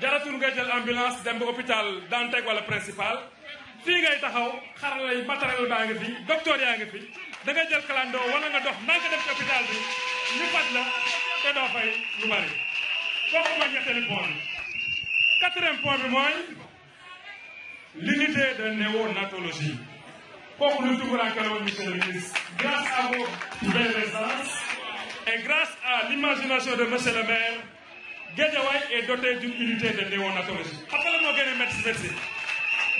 jaratul ngay jël ambulance dem ba hôpital Dantec wala principal fii ngay taxaw xarala yi matériel baa ngi fi docteur yaa ngi fi da ngay jël clando wala nga dox naa nga dem ci hôpital bi ñu faj la te doo fay lu bari kooku mooy ñetteelu point bi quatrième point bi mooy l'unité de néonatologie kooku lu tuburanke la woon monsieur le ministre grâce à vos belles essences et grâce à l'imagination de monsieur le maire Guédiawaye est doté d'une unité de néonatologie xam nga la moo gën a métti si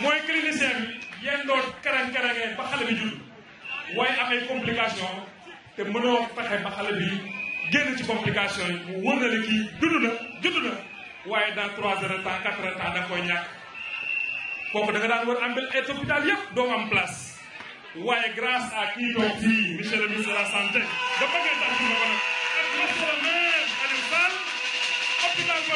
mooy clinicien bi yéen doon karang e ba xale bi judd waaye amee complication te mënoo fexe ba xale bi génn ci complication yi mu wër na la kii dund na judd na waaye dans trois heures de temps quatre heures de temps da nga koy ñàkk kooku daan war ambil ay hôpital yëpp doo am place waaye grâce à kii toog fii monsieur le ministre de la santé dafa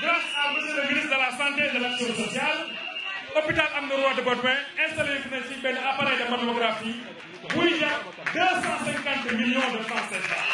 grâce à monsieur le ministre de la santé de l'action sociale hôpital am na roi de Baudouin installé fi na ci appareil de mammographie buy jar deux millions de francs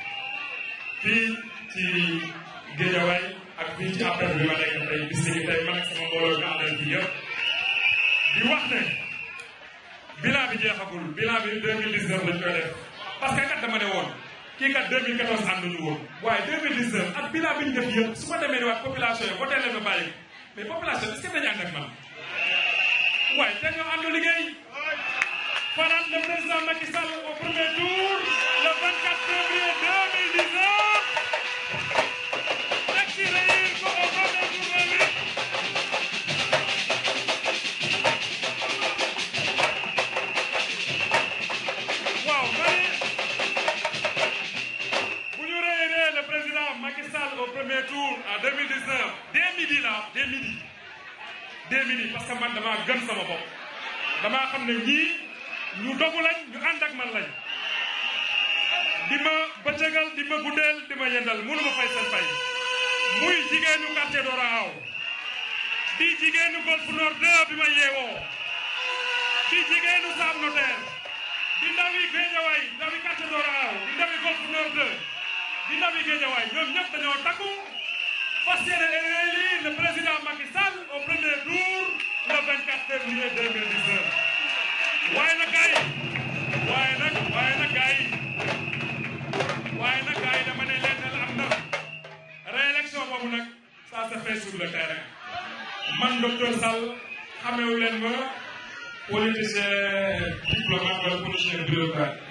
fii ci Géejawaay ak fii ci appel bi ma nekk tey bis ni tey man ak sama mbooloo bi àndal fii yëpp wax ne bilan bi jeexagul bilan bi 2019 lañ koy def parce que kat dama ne woon kii kat 2014 ànduñu woon waaye 2019 ak bilan bi ñu def yëpp demee ni waat population yi voté leen ma bàyyi mais population est-ce que dañu ànd ak man waaye dañoo àndu liggéey faral le président Macky Sall au premier tour le 24 février 2019 Sall au premier en 2019 dès midi parce que man damaa gëm sama damaa xam ne ñii ñu dogu lañ di ma bëccëgal di ma guddeel di ma yendal mënu ma fay seen fay muy jigéenu quartier Dora Aw di jigéenu Golf Nord gendarme Guédiawaye ñoom ñëpp dañoo takku fas yéene élire le président Macky Sall au le 24 février 2019 waaye nag gars waaye nag waaye nag gars yi waaye réélection boobu nag se fait sur le terrain man docteur Sall xamewu leen ma politicien diplomate wala politicien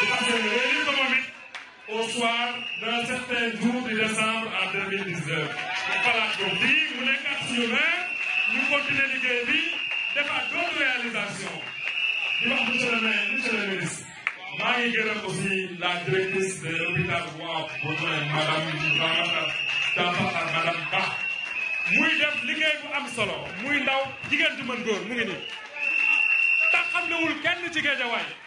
de passer le réveil au soir d'un certain jour de décembre en 2019. Falaat Diop di mu nekk ak suñu nous ñu continuer liggéey bi defaat d'autres réalisations di wax monsieur le maire monsieur le ministre maa ngi gërëm aussi la directrice de l'hôpital bu am besoin madame Bamata Diampata madame Ba muy def liggéey bu am solo muy ndaw jigéen ju mën góor mu ngi ni ta xam newul kenn ci Guédiawaye